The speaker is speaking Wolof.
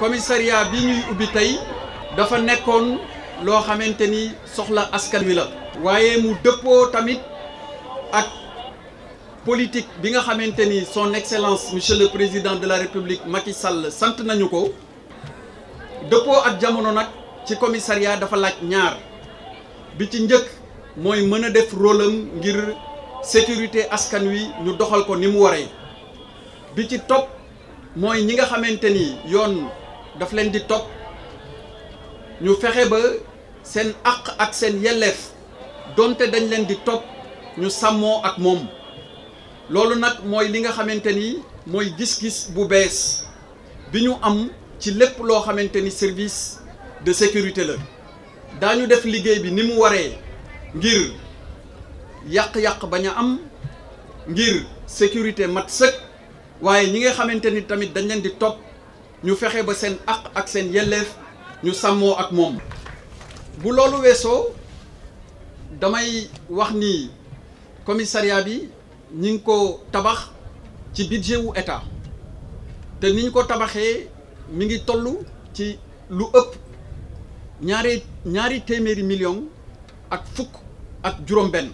commissariat bi ñuy ubbi tey dafa nekkoon loo xamante ni soxla askan wi la. waaye mu dëppoo tamit ak politique bi nga xamante ni son excellence monsieur président de la république Macky Sall sant nañu ko dëppoo ak jamono nag ci commissariat dafa laaj ñaar bi ci njëkk mooy mën a def rôle ngir sécurité askan wi ñu doxal ko ni mu waree bi ci topp mooy ñi nga xamante ni yoon. daf leen di topp ñu fexe ba seen àq ak seen yelleef donte dañ leen di topp ñu sàmmoo ak moom loolu nag mooy li nga xamante ni mooy gis-gis bu bees bi ñu am ci lépp loo xamante ni service de sécurité la daañu def liggéey bi ni mu waree ngir yàq-yàq bañ a am ngir sécurité mat sëkk waaye ñi nga xamante ni tamit dañ leen di topp ñu fexe ba seen àq ak seen yelleef ñu sàmmoo ak moom bu loolu weesoo damay wax ni commissariat bi ñu ngi ko tabax ci budget wu état te ni ñu ko tabaxee mi ngi tollu ci lu ëpp ñaari ñaari téeméeri million ak fukk ak juróom benn